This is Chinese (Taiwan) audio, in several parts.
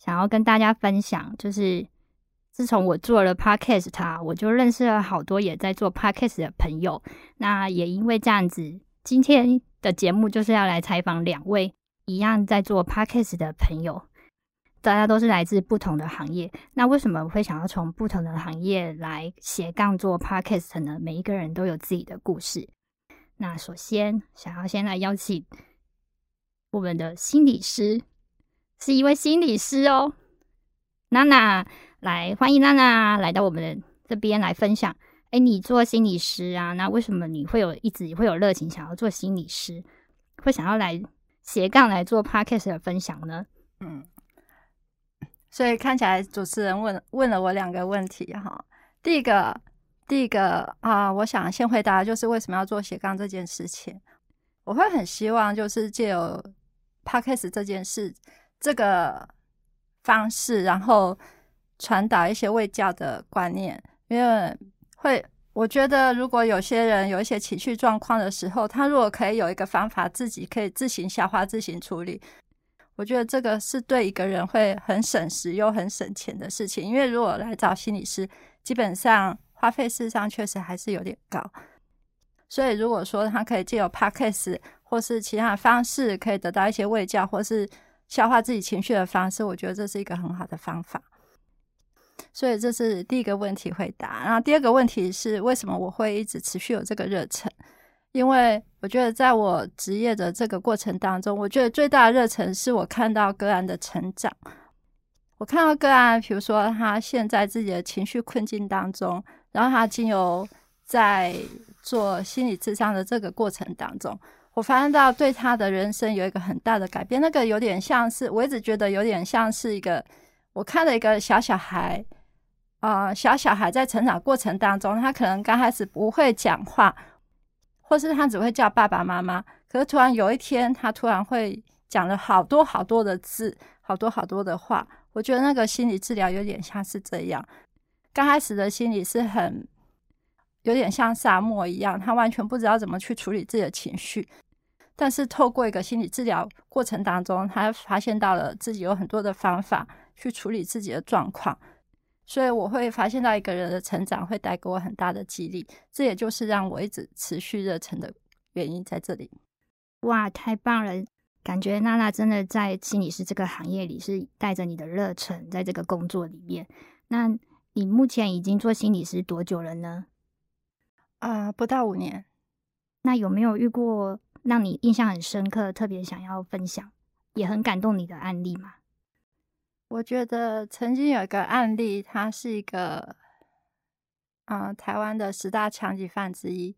想要跟大家分享，就是自從我做了 Podcast，他、啊、我就認識了好多也在做 Podcast 的朋友。那也因為這樣子，今天的節目就是要來採訪兩位一樣在做 Podcast 的朋友。大家都是來自不同的行業，那為什麼會想要從不同的行業來斜槓做 Podcast 呢？每一個人都有自己的故事。那首先想要先來邀請我們的心理師。是一位心理師哦，娜娜，來歡迎娜娜來到我們的這邊來分享。誒、欸、你做心理師啊？那為什麼你會有一直會有熱情，想要做心理師，會想要來斜槓來做 Podcast 的分享呢？嗯，所以看起來主持人問問了我兩個問題哈。第一個，第一個啊，我想先回答就是為什麼要做斜槓這件事情。我會很希望就是借由 Podcast 這件事。這個方式，然後傳達一些衛教的觀念，因為會，我覺得如果有些人有一些情緒狀況的時候，他如果可以有一個方法，自己可以自行消化、自行處理，我覺得這個是對一個人會很省時又很省錢的事情。因為如果來找心理師，基本上花費事實上確實還是有點高，所以如果說他可以借由 Podcast 或是其他方式，可以得到一些衛教或是。消化自己情緒的方式，我覺得這是一個很好的方法。所以這是第一個問題回答。然後第二個問題是，為什麼我會一直持續有這個熱忱？因為我覺得在我職業的這個過程當中，我覺得最大的熱忱是我看到個案的成長。我看到個案，比如說他陷在自己的情緒困境當中，然後他經由在做心理諮商的這個過程當中。我發現到對他的人生有一個很大的改變，那個有點像是我一直覺得有點像是一個，我看了一個小小孩，啊、呃、小小孩在成長過程當中，他可能剛開始不會講話，或是他只會叫爸爸媽媽，可是突然有一天，他突然會講了好多好多的字，好多好多的話，我覺得那個心理治療有點像是這樣，剛開始的心理是很。有點像沙漠一樣，他完全不知道怎麼去處理自己的情緒。但是透過一個心理治療過程當中，他發現到了自己有很多的方法去處理自己的狀況。所以我會發現到一個人的成長會帶給我很大的激勵，這也就是讓我一直持續熱忱的原因在這裡。哇，太棒了！感覺娜娜真的在心理師這個行業裡是帶着你的熱忱在這個工作裡面。那你目前已經做心理師多久了呢？啊、呃，不到五年。那有沒有遇過讓你印象很深刻、特別想要分享、也很感動你的案例嗎？我覺得曾經有一個案例，他是一個啊、呃，台灣的十大強姦犯之一。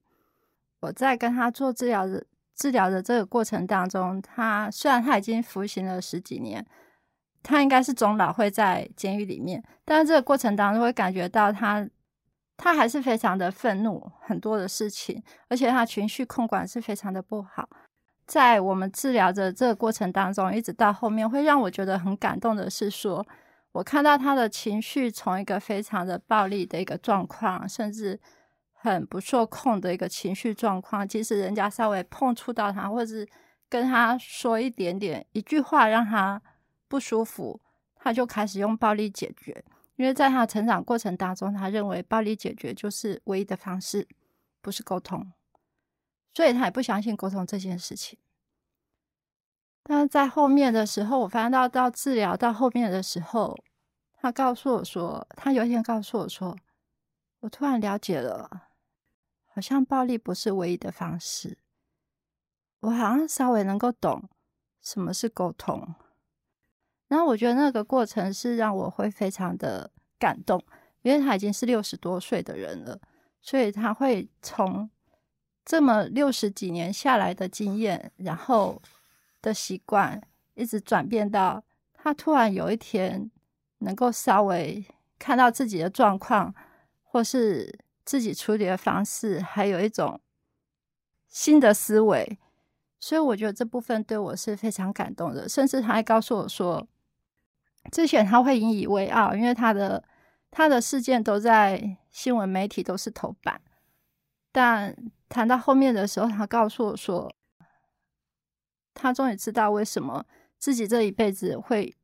我在跟他做治療的治療的這個過程當中，他雖然他已經服刑了十幾年，他應該是終老會在監獄裡面，但是這個過程當中會感覺到他。他還是非常的憤怒，很多的事情，而且他情緒控管是非常的不好。在我們治療的這個過程當中，一直到後面，會讓我覺得很感動的是說，說我看到他的情緒從一個非常的暴力的一個狀況，甚至很不受控的一個情緒狀況，即使人家稍微碰觸到他，或者是跟他說一點點一句話讓他不舒服，他就開始用暴力解決。因為在他成長過程當中，他認為暴力解決就是唯一的方式，不是溝通，所以他也不相信溝通這件事情。但是在後面的時候，我發現到到治療到後面的時候，他告訴我說，他有一天告訴我說，我突然了解了，好像暴力不是唯一的方式，我好像稍微能夠懂什麼是溝通。然後我覺得那個過程是讓我會非常的感動，因為他已經是六十多歲的人了，所以他會從這麼六十幾年下來的經驗，然後的習慣，一直轉變到他突然有一天能夠稍微看到自己的狀況，或是自己處理的方式，還有一種新的思維，所以我覺得這部分對我是非常感動的，甚至他還告訴我說，之前他會引以為傲，因為他的他的事件都在新聞媒體都是頭版。但談到後面的時候，他告訴我說，他終於知道為什麼自己這一輩子會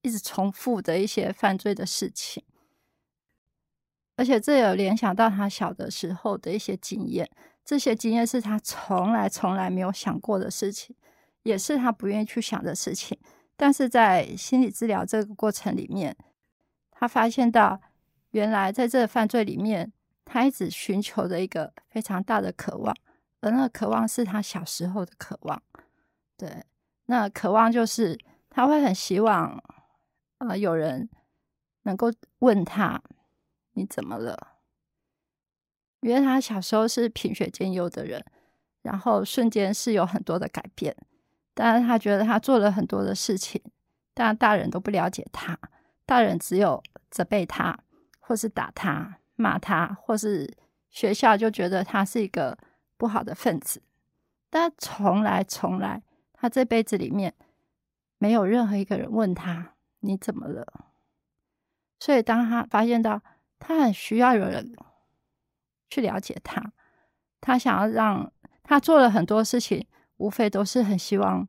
一直重複的一些犯罪的事情，而且這也有聯想到他小的時候的一些經驗。這些經驗是他從來從來沒有想過的事情，也是他不願意去想的事情。但是在心理治療這個過程裡面，他發現到原來在這個犯罪裡面，他一直尋求著一個非常大的渴望，而那渴望是他小時候的渴望。對，那渴望就是他會很希望，呃，有人能夠問他你怎麼了，因為他小時候是品學兼優的人，然後瞬間是有很多的改變。但是他覺得他做了很多的事情，但大人都不了解他，大人只有責備他，或是打他、罵他，或是學校就覺得他是一個不好的分子。但從來從來，他這輩子裡面沒有任何一個人問他，你怎麼了？所以當他發現到他很需要有人去了解他，他想要讓他做了很多事情。無非都是很希望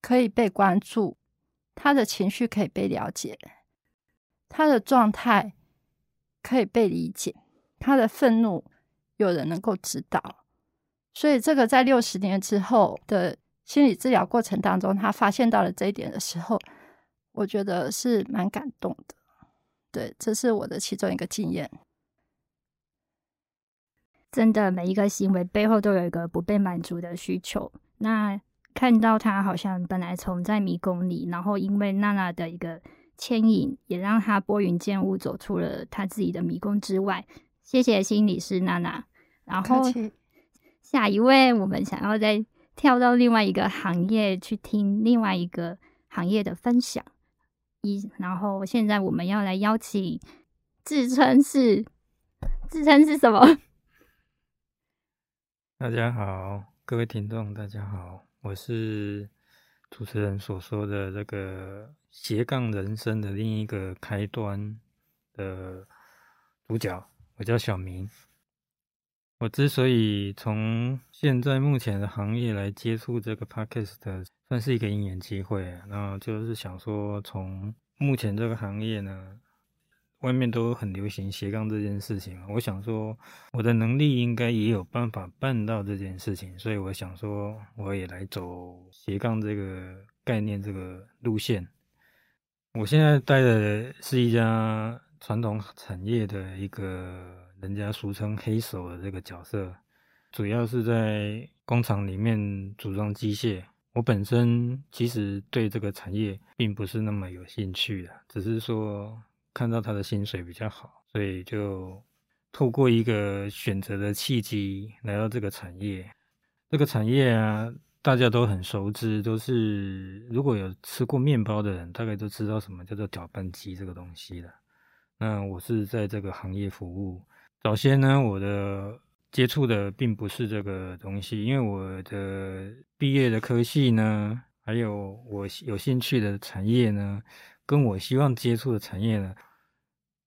可以被關注，他的情緒可以被了解，他的狀態可以被理解，他的憤怒有人能夠知道。所以，這個在六十年之後的心理治療過程當中，他發現到了這一點的時候，我覺得是蠻感動的。對，這是我的其中一個經驗。真的每一個行為背後都有一個不被滿足的需求。那看到他好像本來從在迷宮裡，然後因為娜娜的一個牽引，也讓他撥雲見霧，走出了他自己的迷宮之外。謝謝心理師娜娜。然後客氣。下一位，我們想要再跳到另外一個行業去聽另外一個行業的分享。一，然後現在我們要來邀請自稱是自稱是什麼？大家好，各位聽眾，大家好，我是主持人所說的這個斜槓人生的另一個開端的主角，我叫小明。我之所以從現在目前的行業來接觸這個 podcast 的算是一個姻緣機會。然後就是想說，從目前這個行業呢。外面都很流行斜槓這件事情，我想說，我的能力應該也有辦法辦到這件事情，所以我想說，我也來走斜槓這個概念、這個路線。我現在待的是一家傳統產業的一個人家俗稱黑手的這個角色，主要是在工廠裡面組裝機械。我本身其實對這個產業並不是那麼有興趣的啊，只是說。看到他的薪水比較好，所以就透過一個選擇的契機來到這個產業。這個產業啊，大家都很熟知，都是如果有吃過麵包的人，大概都知道什麼叫做攪拌機這個東西了。那我是在這個行業服務，早先呢，我的接觸的並不是這個東西，因為我的畢業的科系呢，還有我有興趣的產業呢。跟我希望接觸的產業呢，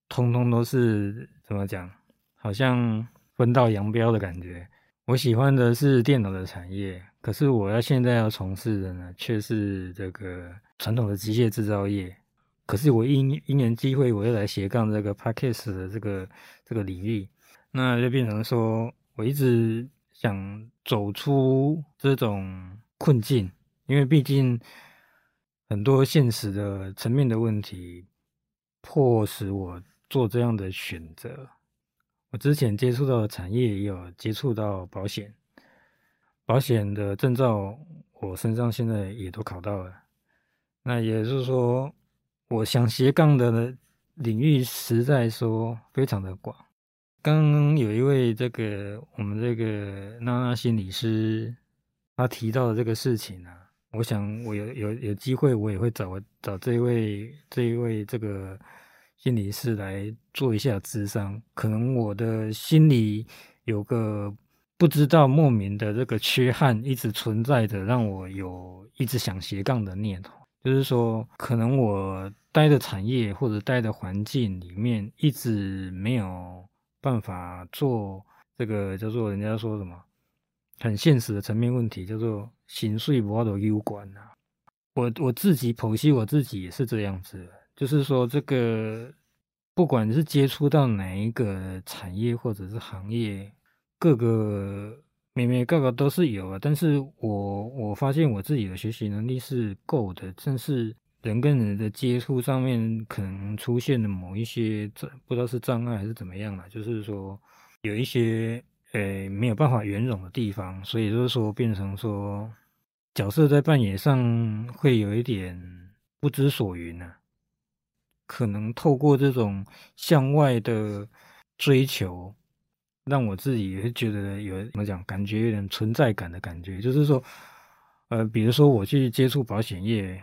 通通都是怎麼講？好像分道揚鑣的感覺。我喜歡的是電腦的產業，可是我要現在要從事的呢，卻是這個傳統的機械製造業。可是我因因緣機會，我又來斜槓這個 Podcast 的這個這個領域，那就變成說，我一直想走出這種困境，因為畢竟。很多現實的層面的問題，迫使我做這樣的選擇。我之前接觸到的產業，也有接觸到保險，保險的證照我身上現在也都考到了。那也就是說，我想斜槓的領域實在說非常的廣。剛剛有一位這個我們這個娜娜心理師，他提到的這個事情啊我想，我有有有機會，我也會找找這一位這一位這個心理師來做一下諮商。可能我的心裡有個不知道莫名的這個缺憾，一直存在着，讓我有一直想斜槓的念頭。就是說，可能我待的產業或者待的環境裡面，一直沒有辦法做這個叫做人家說什麼。很現實的層面問題，叫做薪水不外的憂關吶、啊。我我自己剖析我自己也是這樣子，就是說，這個不管是接觸到哪一個產業或者是行業，各個每每個個都是有啊。但是我我發現我自己的學習能力是夠的，正是人跟人的接觸上面可能出現了某一些障，不知道是障礙還是怎麼樣了、啊，就是說有一些。誒，沒有辦法圓融的地方，所以就是說，變成說角色在扮演上會有一點不知所云啊。可能透過這種向外的追求，讓我自己也會覺得有，怎麼講，感覺有點存在感的感覺，就是說，呃，比如說我去接觸保險業。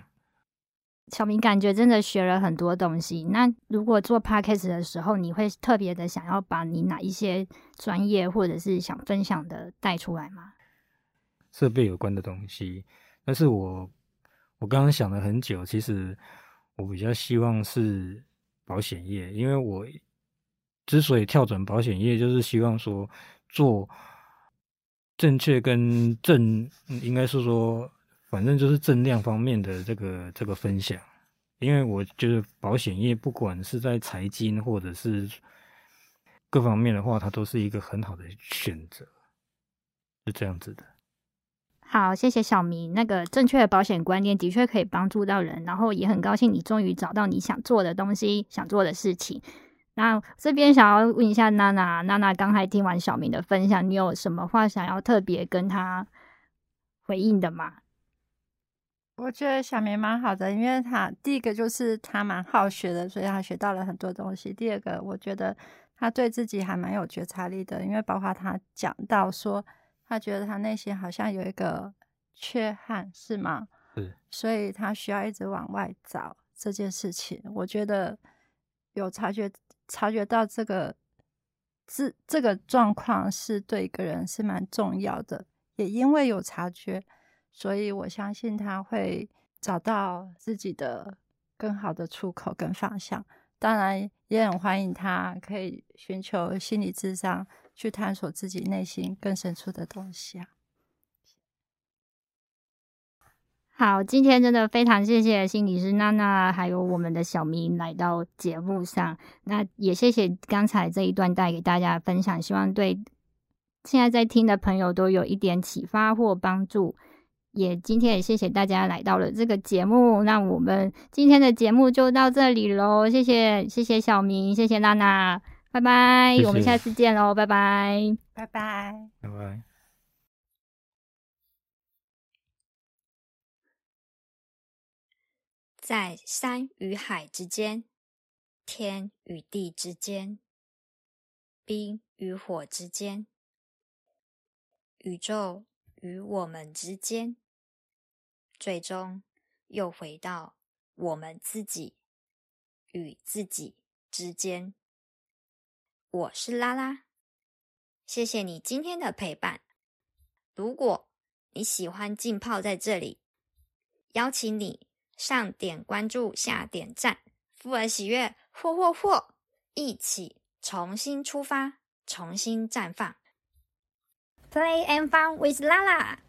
小明感覺真的學了很多東西。那如果做 podcast 的時候，你會特別的想要把你哪一些專業或者是想分享的帶出來嗎？設備有關的東西，但是我我剛剛想了很久，其實我比較希望是保險業，因為我之所以跳轉保險業，就是希望說做正確跟正，嗯，應該是說，說。反正就是增量方面的這個這個分享，因為我覺得保險業不管是在財經或者是各方面的話，它都是一個很好的選擇，是這樣子的。好，謝謝小明。那個正確的保險觀念的確可以幫助到人，然後也很高興你終於找到你想做的東西、想做的事情。那這邊想要問一下娜娜，娜娜剛才聽完小明的分享，你有什麼話想要特別跟他回應的嗎？我覺得小明蠻好的，因為他第一個就是他蠻好學的，所以他學到了很多東西。第二個，我覺得他對自己還蠻有覺察力的，因為包括他講到說，他覺得他內心好像有一個缺憾，是嗎？是。所以他需要一直往外找這件事情。我覺得有察覺、察覺到這個這這個狀況是對一個人是蠻重要的，也因為有察覺。所以我相信他會找到自己的更好的出口跟方向。當然，也很歡迎他可以尋求心理諮商去探索自己內心更深處的東西啊。好，今天真的非常謝謝心理師娜娜，還有我們的小明來到節目上。那也謝謝剛才這一段帶給大家分享，希望對現在在聽的朋友都有一點啟發或幫助。也今天也謝謝大家來到了這個節目，那我們今天的節目就到這裡嘍。謝謝，謝謝小明，謝謝娜娜，拜拜，謝謝，我們下次見嘍，拜拜，拜拜，拜拜，拜拜。在山與海之間，天與地之間，冰與火之間，宇宙與我們之間。最終又回到我們自己與自己之間。我是拉拉，謝謝你今天的陪伴。如果你喜歡浸泡在這裡，邀請你上點關注，下點贊，富而喜悅，嚯嚯嚯！一起重新出發，重新綻放。Play and fun with Lala。